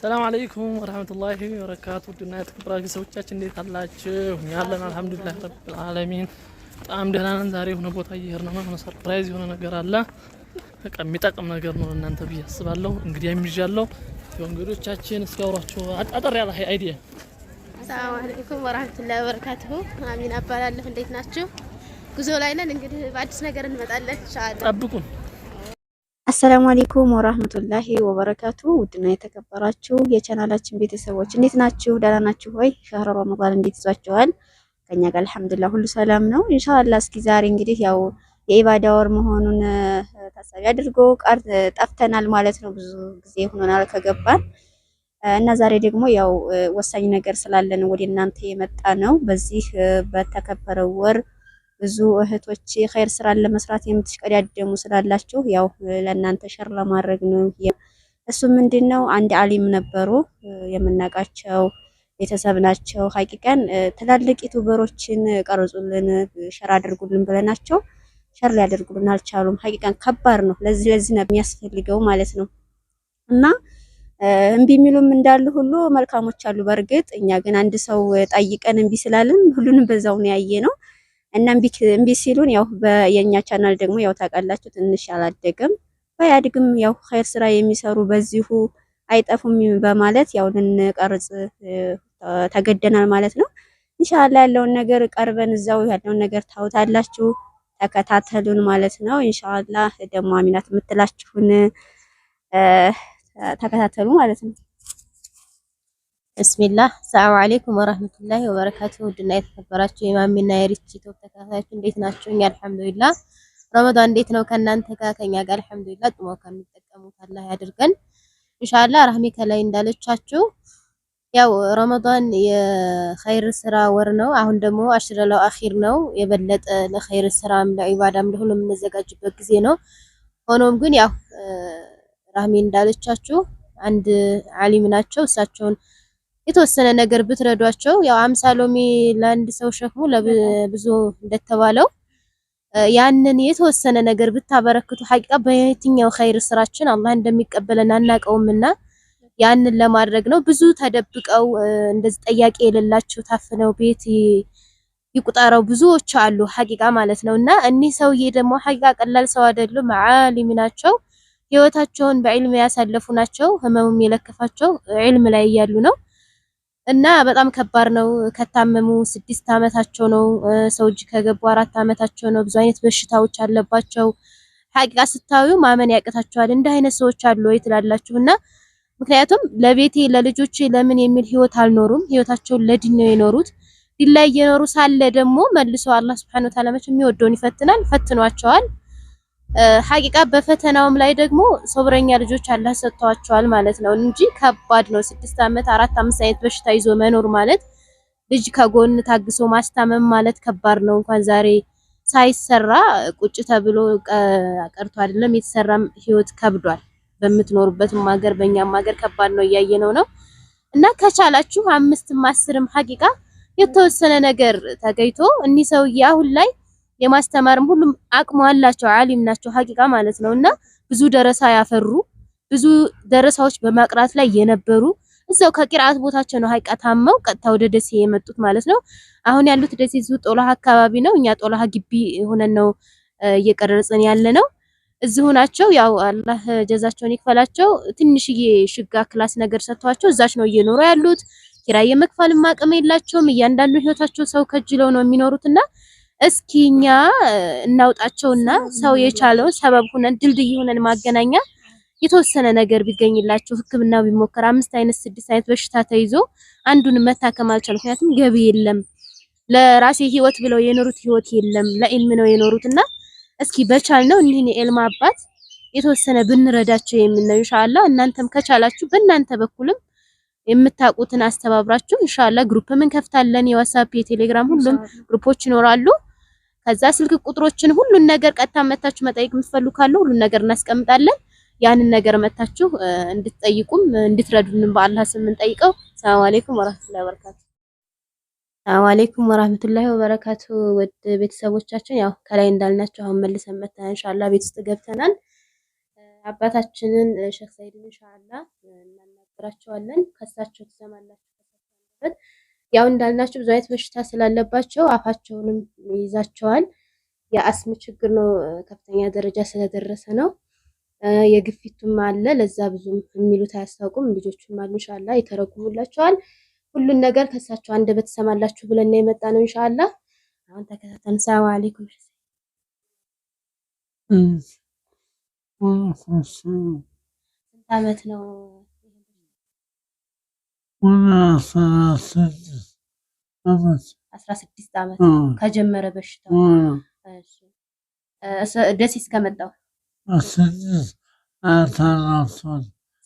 ሰላም አለይኩም ወራህመቱላሂ ወበረካቱ ውድና የተከበራችሁ ሰዎቻችን እንዴት አላችሁ? ያለን አልሐምዱሊላህ ረብል ዓለሚን በጣም ደህና ነን። ዛሬ የሆነ ቦታ እየሄድን ነው። ሰርፕራይዝ የሆነ ነገር አለ። በቃ የሚጠቅም ነገር ነው እናንተ ብዬ አስባለሁ። እንግዲህ የሚዣለው የእንግዶቻችን እስኪ አውሯቸው አጠር ያለ አይዲያ። ሰላም አለይኩም ወራህመቱላሂ ወበረካቱሁ አሚን አባላለሁ። እንዴት ናችሁ? ጉዞ ላይ ነን። እንግዲህ በአዲስ ነገር እንመጣለን። ኢንሻአላህ ጠብቁን። አሰላሙ አሌይኩም ወራህመቱላሂ ወበረካቱ። ውድና የተከበራችሁ የቻናላችን ቤተሰቦች እንዴት ናችሁ? ደህና ናችሁ ሆይ? ሻህረ ረመዳን እንዴት ይዟችኋል? ከኛ ጋር አልሐምዱሊላህ ሁሉ ሰላም ነው። ኢንሻአላህ እስኪ ዛሬ እንግዲህ ያው የኢባዳ ወር መሆኑን ታሳቢ አድርጎ ቃር ጠፍተናል ማለት ነው። ብዙ ጊዜ ሆኖናል ከገባን እና ዛሬ ደግሞ ያው ወሳኝ ነገር ስላለን ወደ እናንተ የመጣ ነው። በዚህ በተከበረው ወር ብዙ እህቶች ኸይር ስራን ለመስራት የምትሽቀዳደሙ ስላላችሁ ያው ለእናንተ ሸር ለማድረግ ነው። እሱ ምንድን ነው አንድ አሊም ነበሩ የምናውቃቸው ቤተሰብ ናቸው። ሀቂቀን ትላልቅ ዩቱበሮችን ቀርጹልን፣ ሸር አድርጉልን ብለናቸው ሸር ሊያደርጉልን አልቻሉም። ሀቂቀን ከባድ ነው። ለዚህ ለዚህ ነው የሚያስፈልገው ማለት ነው እና እምቢ የሚሉም እንዳሉ ሁሉ መልካሞች አሉ። በእርግጥ እኛ ግን አንድ ሰው ጠይቀን እምቢ ስላለን ሁሉንም በዛው ነው ያየ ነው እና እምቢ ሲሉን ያው የኛ ቻናል ደግሞ ያው ታውቃላችሁ ትንሽ አላደገም ባያድግም ያው ኸይር ስራ የሚሰሩ በዚሁ አይጠፉም በማለት ያው ልንቀርጽ ተገደናል ማለት ነው። ኢንሻአላህ ያለውን ነገር ቀርበን እዛው ያለውን ነገር ታውታላችሁ፣ ተከታተሉን ማለት ነው። ኢንሻአላህ ደግሞ አሚናት የምትላችሁን ተከታተሉ ማለት ነው። ብስሚላህ ሰላም አለይኩም ወረህመቱላሂ ወበረካቱ። ውድና የተከበራችሁ የማሚና የሪች ተከታታዮች እንዴት ናችሁ? እኛ አልሐምዱሊላህ። ረመዳን እንዴት ነው ከእናንተ ጋር? ከኛ ጋር አልሐምዱሊላህ። ጥሞ ከሚጠቀሙት አላህ ያድርገን ኢንሻአላህ። ራህሜ ከላይ እንዳለቻችሁ ያው ረመዳን የኸይር ስራ ወር ነው። አሁን ደግሞ አሽረላው አኺር ነው። የበለጠ ለኸይር ስራም ለዒባዳም ለሁሉ የምንዘጋጅበት ጊዜ ነው። ሆኖም ግን ያው ራህሜ እንዳለቻችሁ አንድ ዓሊም ናቸው እሳቸውን የተወሰነ ነገር ብትረዷቸው ያው አምሳ ሎሚ ለአንድ ሰው ሸክሙ ለብዙ እንደተባለው ያንን የተወሰነ ነገር ብታበረክቱ ሐቂቃ በየትኛው ኸይር ስራችን አላህ እንደሚቀበለን አናቀውምና ያንን ለማድረግ ነው። ብዙ ተደብቀው እንደዚህ ጠያቂ የሌላቸው ታፍነው ቤት ይቁጠረው ብዙዎች አሉ ሐቂቃ ማለት ነው። እና እኒህ ሰውዬ ደግሞ ሐቂቃ ቀላል ሰው አይደሉም፣ መዓሊም ናቸው። ህይወታቸውን በዕልም ያሳለፉ ናቸው። ህመሙም የለከፋቸው ዕልም ላይ እያሉ ነው። እና በጣም ከባድ ነው። ከታመሙ ስድስት አመታቸው ነው። ሰው እጅ ከገቡ አራት አመታቸው ነው። ብዙ አይነት በሽታዎች አለባቸው። ሀቂቃ ስታዩ ማመን ያቅታቸዋል። እንደ አይነት ሰዎች አሉ ወይ ትላላችሁ እና ምክንያቱም ለቤቴ ለልጆቼ ለምን የሚል ህይወት አልኖሩም። ህይወታቸውን ለድን ነው የኖሩት። ዲን ላይ እየኖሩ ሳለ ደግሞ መልሶ አላህ Subhanahu Wa Ta'ala መቼም የሚወደውን ይፈትናል። ፈትኗቸዋል። ሀቂቃ በፈተናውም ላይ ደግሞ ሶብረኛ ልጆች አላህ ሰጥቷቸዋል ማለት ነው እንጂ ከባድ ነው። ስድስት ዓመት አራት አምስት አይነት በሽታ ይዞ መኖር ማለት ልጅ ከጎን ታግሶ ማስታመም ማለት ከባድ ነው። እንኳን ዛሬ ሳይሰራ ቁጭ ተብሎ ቀርቶ አይደለም የተሰራም ህይወት ከብዷል። በምትኖሩበትም ሀገር በእኛም ሀገር ከባድ ነው እያየነው ነው። እና ከቻላችሁ አምስትም አስርም ሀቂቃ የተወሰነ ነገር ተገኝቶ እኒህ ሰውዬ አሁን ላይ የማስተማርም ሁሉም አቅሙ አላቸው። አሊም ናቸው ሀቂቃ ማለት ነው። እና ብዙ ደረሳ ያፈሩ ብዙ ደረሳዎች በማቅራት ላይ የነበሩ እዛው ከቂርአት ቦታቸው ነው ሀይቃ ታመው ቀጥታ ወደ ደሴ የመጡት ማለት ነው። አሁን ያሉት ደሴ ዙ ጦላህ አካባቢ ነው። እኛ ጦላህ ግቢ ሆነን ነው እየቀረጽን ያለ ነው። እዚሁ ናቸው። ያው አላህ ጀዛቸውን ይክፈላቸው። ትንሽዬ ሽጋ ክላስ ነገር ሰጥቷቸው እዛች ነው እየኖሩ ያሉት። ኪራይ የመክፈልም አቅም የላቸውም። እያንዳንዱ ህይወታቸው ሰው ከጅለው ነው የሚኖሩትና እስኪ እኛ እናውጣቸውና ሰው የቻለውን ሰበብ ሆነን ድልድይ ሆነን ማገናኛ የተወሰነ ነገር ቢገኝላቸው ሕክምና ቢሞከር አምስት አይነት ስድስት አይነት በሽታ ተይዞ አንዱን መታከም አልቻሉ። ምክንያቱም ገቢ የለም። ለራሴ ህይወት ብለው የኖሩት ህይወት የለም። ለኢልም ነው የኖሩት እና እስኪ ነው እኒህን የኤልማ አባት የተወሰነ ብንረዳቸው የሚል ነው። ኢንሻአላ እናንተም ከቻላችሁ በእናንተ በኩልም የምታውቁትን አስተባብራችሁ ኢንሻአላ ግሩፕም እንከፍታለን። የዋትስአፕ የቴሌግራም ሁሉም ግሩፖች ይኖራሉ። ከዛ ስልክ ቁጥሮችን ሁሉን ነገር ቀጥታ መታችሁ መጠየቅ የምትፈልጉ ካለ ሁሉን ነገር እናስቀምጣለን። ያንን ነገር መታችሁ እንድትጠይቁም እንድትረዱንም በአላህ ስም እንጠይቀው። ሰላም አለይኩም ወራህመቱላሂ ወበረካቱ። ሰላም አለይኩም ወራህመቱላሂ ወበረካቱ። ወድ ቤተሰቦቻችን ያው ከላይ እንዳልናቸው አሁን መልሰን መተን ኢንሻአላህ ቤት ውስጥ ገብተናል። አባታችንን ሸክ ሰይድን ኢንሻአላህ እናናገራቸዋለን። ከሳቸው ትሰማላችሁ። ያው እንዳልናቸው ብዙ አይነት በሽታ ስላለባቸው አፋቸውንም ይይዛቸዋል። የአስም ችግር ነው ከፍተኛ ደረጃ ስለደረሰ ነው። የግፊቱም አለ። ለዛ ብዙም የሚሉት አያስታውቁም። ልጆቹም አሉ እንሻላ ይተረጉሙላቸዋል። ሁሉን ነገር ከሳቸው አንደበት ሰማላችሁ ብለን የመጣ ነው እንሻላ። አሁን ተከታተል። ሰላም አለይኩም። ስንት አመት ነው አስራ ስድስት ዓመት ከጀመረ በሽታው ደሴ እስከመጣሁ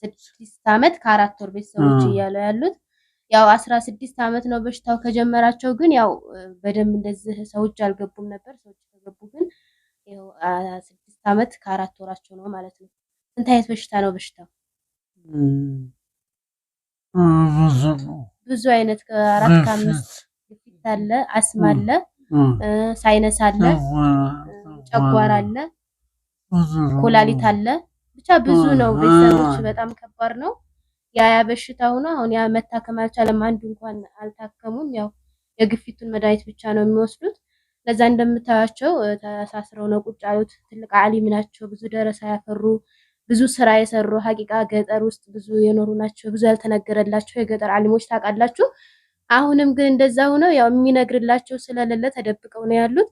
ስድስት ዓመት ከአራት ወር ቤተሰቦች እያለው ያሉት ያው አስራ ስድስት አመት ነው በሽታው ከጀመራቸው። ግን ያው በደንብ እንደዚህ ሰዎች አልገቡም ነበር። ሰዎች ከገቡ ግን ያው ስድስት አመት ከአራት ወራቸው ነው ማለት ነው። ስንት አይነት በሽታ ነው በሽታው? ብዙ አይነት አራት ከአምስት ግፊት አለ፣ አስም አለ፣ ሳይነስ አለ፣ ጨጓራ አለ፣ ኩላሊት አለ። ብቻ ብዙ ነው። ቤተሰቦች በጣም ከባድ ነው። ያ ያ በሽታ ሆኖ አሁን ያ መታከም አልቻለም። አንዱ እንኳን አልታከሙም። ያው የግፊቱን መድኃኒት ብቻ ነው የሚወስዱት። ለዛ እንደምታያቸው ተሳስረው ነው ቁጭ ያሉት። ትልቅ አሊም ናቸው። ብዙ ደረሳ ያፈሩ ብዙ ስራ የሰሩ ሀቂቃ ገጠር ውስጥ ብዙ የኖሩ ናቸው። ብዙ ያልተነገረላቸው የገጠር አሊሞች ታውቃላችሁ። አሁንም ግን እንደዛ ሆነው ያው የሚነግርላቸው ስለሌለ ተደብቀው ነው ያሉት።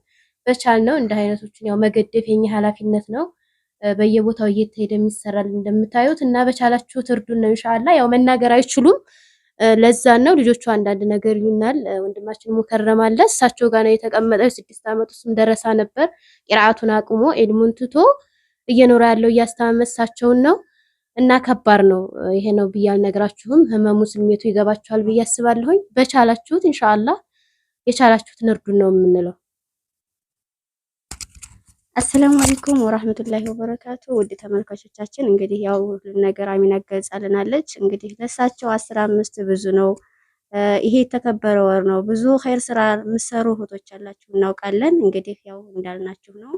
በቻል ነው እንደ አይነቶችን ያው መገደፍ የኛ ኃላፊነት ነው። በየቦታው እየተሄደ የሚሰራል እንደምታዩት እና በቻላችሁ ትርዱን ነው ኢንሻአላ። ያው መናገር አይችሉም። ለዛን ነው ልጆቹ አንዳንድ ነገር ይሉናል። ወንድማችን ሙከረም አለ እሳቸው ጋር ነው የተቀመጠው። ስድስት አመት ውስጥም ደረሳ ነበር። ቂርአቱን አቁሞ ኤልሙን ትቶ እየኖረ ያለው እያስተማመሳቸውን ነው እና ከባድ ነው። ይሄ ነው ብዬ አልነግራችሁም። ህመሙ ስሜቱ ይገባችኋል ብዬ አስባለሁኝ። በቻላችሁት ኢንሻአላህ የቻላችሁትን እርዱን ነው የምንለው። አሰላሙ አለይኩም ወራህመቱላሂ ወበረካቱ። ውድ ተመልካቾቻችን እንግዲህ ያው ሁሉም ነገር አሚና ገልጻልናለች። እንግዲህ ለሳቸው አስራ አምስት ብዙ ነው። ይሄ የተከበረ ወር ነው። ብዙ ኸይር ስራ የምትሰሩ እህቶች አላችሁ እናውቃለን። እንግዲህ ያው እንዳልናችሁ ነው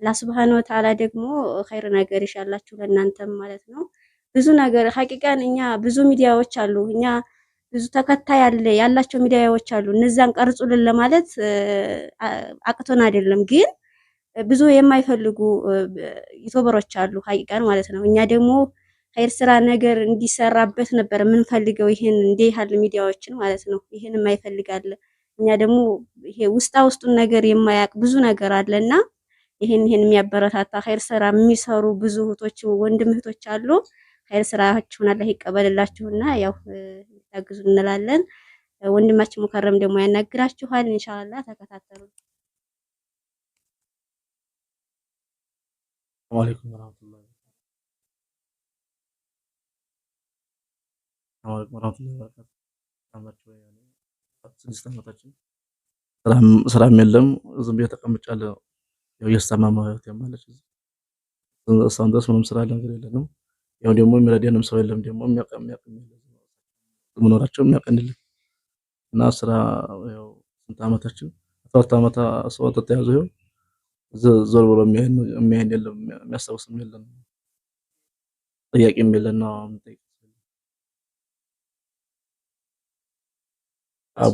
አላህ ሱብሃነሁ ወተዓላ ደግሞ ኸይር ነገር ይሻላችሁ ለእናንተም ማለት ነው። ብዙ ነገር ሀቂቃን እኛ ብዙ ሚዲያዎች አሉ፣ እኛ ብዙ ተከታይ ያለ ያላቸው ሚዲያዎች አሉ። እነዛን ቀርጹልን ለማለት አቅቶን አይደለም፣ ግን ብዙ የማይፈልጉ ዩቱበሮች አሉ ሀቂቃን ማለት ነው። እኛ ደግሞ ኸይር ስራ ነገር እንዲሰራበት ነበር የምንፈልገው፣ ይሄን እንዴ ያህል ሚዲያዎችን ማለት ነው። ይሄን የማይፈልጋለ እኛ ደግሞ ይሄ ውስጣ ውስጡን ነገር የማያውቅ ብዙ ነገር አለና ይህን ይህን የሚያበረታታ ኸይር ስራ የሚሰሩ ብዙ እህቶች ወንድም እህቶች አሉ። ኸይር ስራችሁን አላህ ይቀበልላችሁና ያው ታግዙ እንላለን። ወንድማችን ሙከረም ደግሞ ያናግራችኋል ኢንሻአላህ። ተከታተሉ። ሰላም ወራህመቱላሂ የለም ዝም ብዬ ተቀምጫለሁ። ያው እየተሰማ ማለት ያማለች እሷን ድረስ ምንም ስራ ነገር የለንም። ያው ደግሞ የሚረዳንም ሰው የለም። ደግሞ መኖራቸው የሚያቀንልን እና ስራ ያው ስንት ዓመታችን አስራ ሁለት ዓመት ሰው ተያዙ። ይኸው ዞር ብሎ የሚያይን የለም፣ የሚያስታውስም የለም፣ ጥያቄም የለና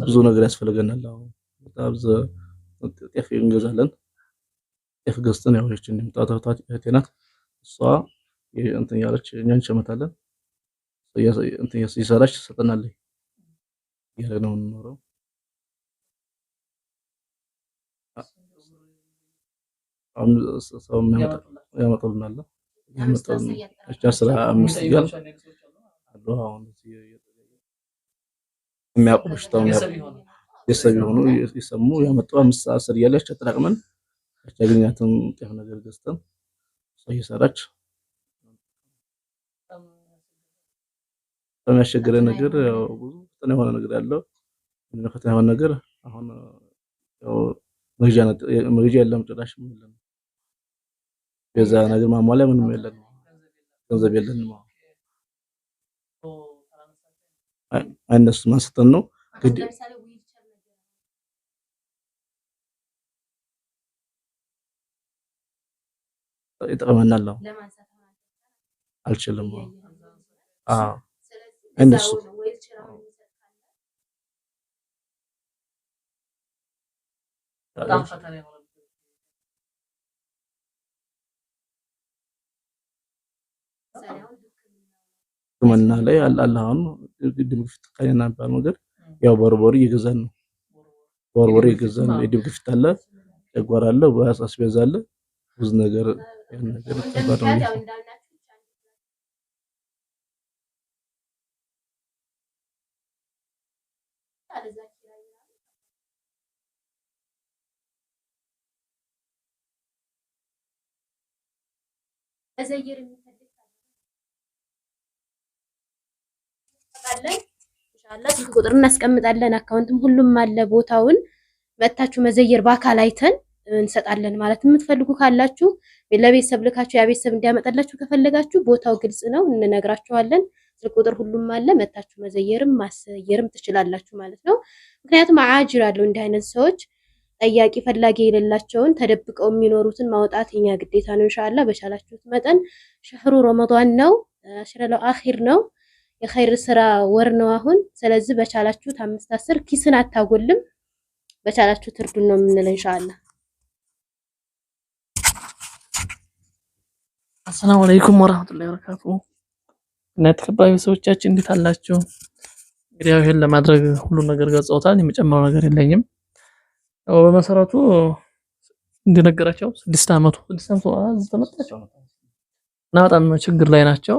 ብዙ ነገር ያስፈልገናል። አሁን ጤፍ እንገዛለን ጤፍ ገዝተን ያው ይህችን የምታተርታት እህቴ ናት። እሷ እንትን ያለች እኛን እንሸመታለን። እንትን ይሰራች ትሰጠናለች። እያለ ነው የምንኖረው። ሰው ያመጣልናል። የሚያውቁ በሽታው ቤተሰብ የሆኑ የሰሙ ያመጡ አምስት አስር እያለች አጠራቅመን እች ያገኛትን ጤፍ ነገር ገዝተን እሷ እየሰራች የሚያስቸግረ ነገር ያው ብዙ ፈተና የሆነ ነገር ያለው ፈተና የሆነ ነገር አሁን ያው መግዣ የለም፣ ጭራሽ የለም። የዛ ነገር ማሟላ ምንም የለም፣ ገንዘብ የለንም። አይነሱ ማስተን ነው ግዴ ይጠቅመናል። አልችልም። እነሱ እንደሱ ላይ አላሁን አሁን የደም ግፊት ቃል የሚባል ነገር ያው በርበሬ እየገዛን ነው። በርበሬ እየገዛን የደም ግፊት አለ፣ ጨጓራ አለ፣ አስቤዛ አለ፣ ብዙ ነገር መዘየር የሚፈልግ ኢንሻአላህ ስልክ ቁጥር እናስቀምጣለን። አካውንትም ሁሉም አለ። ቦታውን መታችሁ መዘየር በአካል አይተን እንሰጣለን ማለት የምትፈልጉ ካላችሁ ለቤተሰብ ልካችሁ ያ ቤተሰብ እንዲያመጣላችሁ ከፈለጋችሁ ቦታው ግልጽ ነው፣ እንነግራችኋለን። ስልክ ቁጥር ሁሉም አለ። መታችሁ መዘየርም ማሰየርም ትችላላችሁ ማለት ነው። ምክንያቱም አጅር አለው እንዲህ አይነት ሰዎች ጠያቂ ፈላጊ የሌላቸውን ተደብቀው የሚኖሩትን ማውጣት የኛ ግዴታ ነው። እንሻላ በቻላችሁት መጠን ሸህሩ ረመዷን ነው፣ ሽረለው አኺር ነው፣ የኸይር ስራ ወር ነው አሁን። ስለዚህ በቻላችሁት አምስት አስር ኪስን አታጎልም፣ በቻላችሁት እርዱን ነው የምንል እንሻላ አሰላሙ አለይኩም ወራህመቱላሂ ወበረካቱ። እና የተከበራችሁ ሰዎቻችን እንዴት አላችሁ? እንግዲህ ይሄን ለማድረግ ሁሉም ነገር ገልጸውታል። የሚጨምረው ነገር የለኝም። በመሰረቱ እንደነገራቸው ስድስት አመቱ ስድስት አመቱ ተመጣጣቸው እና በጣም ችግር ላይ ናቸው።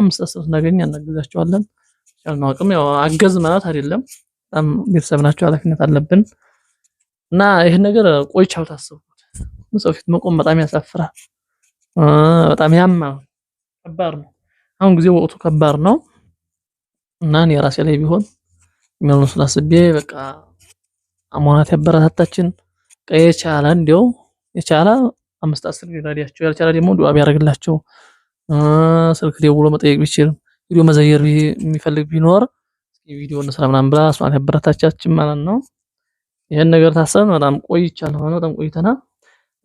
አምስት አስር ስናገኝ እናግዛቸዋለን። አቅም ያው አገዝ ማለት አይደለም። በጣም ቤተሰብ ናቸው፣ ኃላፊነት አለብን እና ይህን ነገር ቆይቻው ታስቡት። ሰው ፊት መቆም በጣም ያሳፍራል። በጣም ያማ ከባድ ነው። አሁን ጊዜ ወቅቱ ከባድ ነው እና እኔ ራሴ ላይ ቢሆን መልሱን አስቤ በቃ አሟናት ያበረታታችን የቻለ እንዲው የቻለ አምስት አስር ሊረዳቸው ያልቻለ ደግሞ ዱዓ ቢያደርግላቸው ስልክ ደውሎ መጠየቅ ቢችል ቪዲዮ መዘየር የሚፈልግ ቢኖር ቪዲዮ እንስራ ምናምን ብላ አስማት ያበረታቻችን ማለት ነው። ይህን ነገር ታሰብን በጣም ቆይቻለሁ። በጣም ቆይተናል።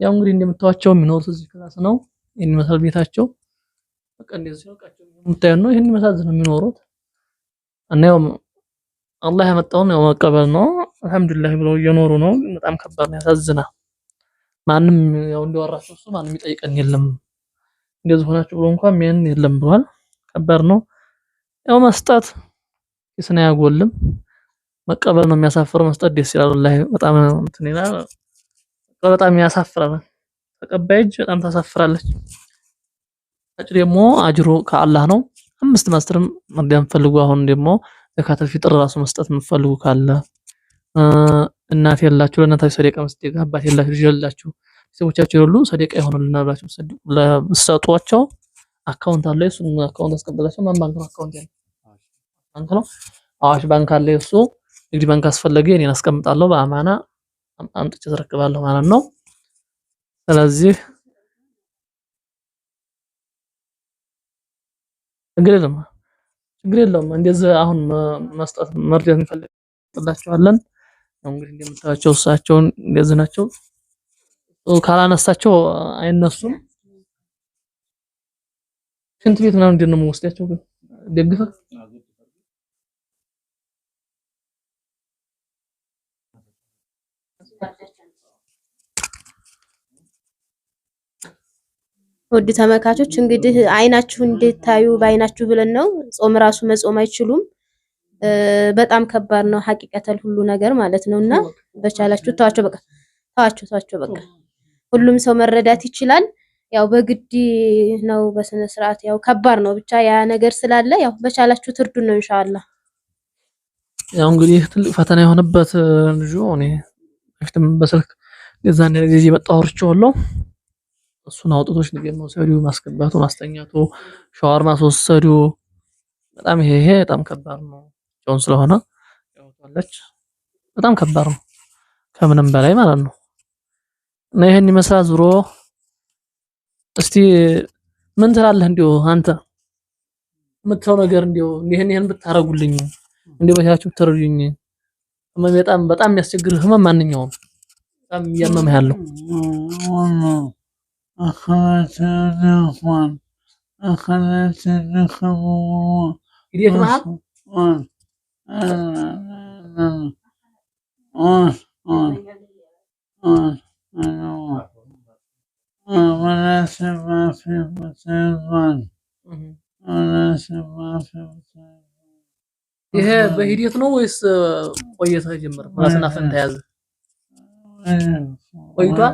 ያው እንግዲህ እንደምታዋቸው የሚኖሩት እዚህ ክላስ ነው። ይህን ይመስላል ቤታቸው። በቃ እንደዚህ ሲያውቃቸው የምታዩት ነው። ይህን ይመስላል ነው የሚኖሩት እና ያው አላህ ያመጣውን ያው መቀበል ነው። አልሐምዱሊላህ ብለው እየኖሩ ነው። በጣም ከባድ ነው፣ ያሳዝናል። ማንም ያው እንዲወራቸው እሱ ማንም ይጠይቀን የለም እንደዚህ ሆናችሁ ብሎ እንኳን ምን የለም ብሏል። ከባድ ነው ያው መስጠት ይስና ያጎልም መቀበል ነው የሚያሳፍረው። መስጠት ደስ ይላል። ወላሂ በጣም እንትን ይላል። በጣም ያሳፍራል። ተቀባይ እጅ በጣም ታሳፍራለች። አጭ ደግሞ አጅሮ ከአላህ ነው። አምስት ማስተርም መርዳት ፈልጉ። አሁን ደግሞ ዘካተል ፊጥር ራሱ መስጠት የምትፈልጉ ካለ እናት ያላችሁ ለእናታችሁ ሰደቃ መስጠት፣ አባት ያላችሁ ልጅ ያላችሁ ቤተሰቦቻችሁ ሁሉ ሰደቃ ይሆኑልናል ብላችሁ ለሰጧቸው አካውንት አለ። እሱ አካውንት አስቀበላችሁ። ማን ባንክ ነው? አካውንት ያለ ባንክ ነው። አዋሽ ባንክ አለ። እሱ ንግድ ባንክ አስፈለገ እኔን አስቀምጣለሁ። በአማና አምጥቼ አስረክባለሁ ማለት ነው። ስለዚህ ችግር የለም ችግር የለውም። እንደዚህ አሁን መስጠት መርዳት እንፈልግላቸዋለን። እንግዲህ እንደምታዩቸው እሳቸውን እንደዚህ ናቸው። ካላነሳቸው አይነሱም። ሽንት ቤት ምናምን እንዴት ነው የምወስዳቸው? ግን ደግፈ ውድ ተመልካቾች እንግዲህ አይናችሁ እንድታዩ በአይናችሁ ብለን ነው። ጾም ራሱ መጾም አይችሉም። በጣም ከባድ ነው። ሀቂቀተል ሁሉ ነገር ማለት ነው። እና በቻላችሁ ተዋቸው፣ በቃ ተዋቸው፣ ተዋቸው በቃ ሁሉም ሰው መረዳት ይችላል። ያው በግድ ነው በስነ ስርዓት ያው ከባድ ነው። ብቻ ያ ነገር ስላለ ያው በቻላችሁ ትርዱን ነው ኢንሻአላህ። ያው እንግዲህ ትልቅ ፈተና የሆነበት ልጁ እኔ በፊትም በስልክ የዛን ጊዜ መጣ ወርቼዋለሁ እሱን አውጥቶች ንገር መውሰዱ ማስገባቱ ማስተኛቱ ሻወር ማስወሰዱ በጣም ይሄ ይሄ በጣም ከባድ ነው። ጆን ስለሆነ ያውጣለች በጣም ከባድ ነው ከምንም በላይ ማለት ነው። እና ይሄን ይመስላል ዙሮ እስቲ ምን ትላለህ? እንዲው አንተ የምትለው ነገር እንዲው ይሄን ይሄን ብታረጉልኝ እንዲው በቻችሁ ብትረዱኝ። ህመም በጣም በጣም የሚያስቸግርህ ህመም ማንኛውም በጣም እያመመህ ያለው Gidiyorsun abi. ይሄ በሂደት ነው ወይስ ቆየተ ጀመረ? ራስና ፈንታ ያዘ ቆይቷል።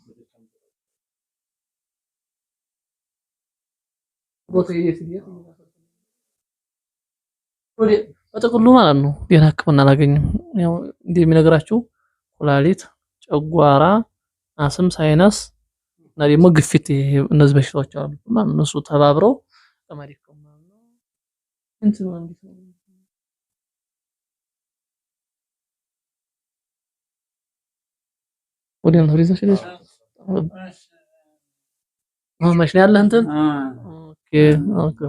በጥቅሉ ማለት ነው። ጤና ህክምና አላገኝም። ያው እንዲህ ኩላሊት፣ ጨጓራ፣ አስም፣ ሳይነስ እና ደግሞ ግፊት፣ እነዚህ በሽታዎች አሉ። እነሱ ተባብረው ወዲያ ነው ያለህ እንትን que. Ah, que...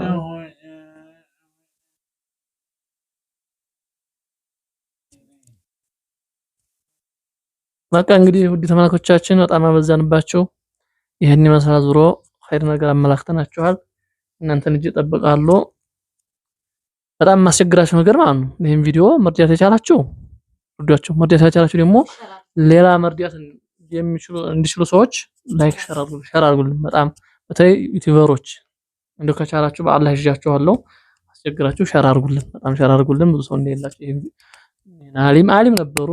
Não, é... በቃ እንግዲህ ውድ ተመልካቾቻችን በጣም አበዛንባቸው። ይህን መሰላ ዙሮ ኸይር ነገር አመላክተናችኋል። እናንተን እጅ ይጠብቃሉ። በጣም የማስቸግራችሁ ነገር ማለት ነው። ይህን ቪዲዮ መርዳት የቻላችሁ ርዷቸው፣ መርዳት የቻላችሁ ደግሞ ሌላ መርዳት የሚችሉ እንዲችሉ ሰዎች ላይክ ሸር አድርጉልን። በጣም በተለይ ዩቲዩበሮች እንደ ከቻላችሁ በአላህ ይዣችኋለሁ። አስቸግራችሁ ሸራርጉልን፣ በጣም ሸራርጉልን። ብዙ ሰው እንደሌላቸው አሊም አሊም ነበሩ።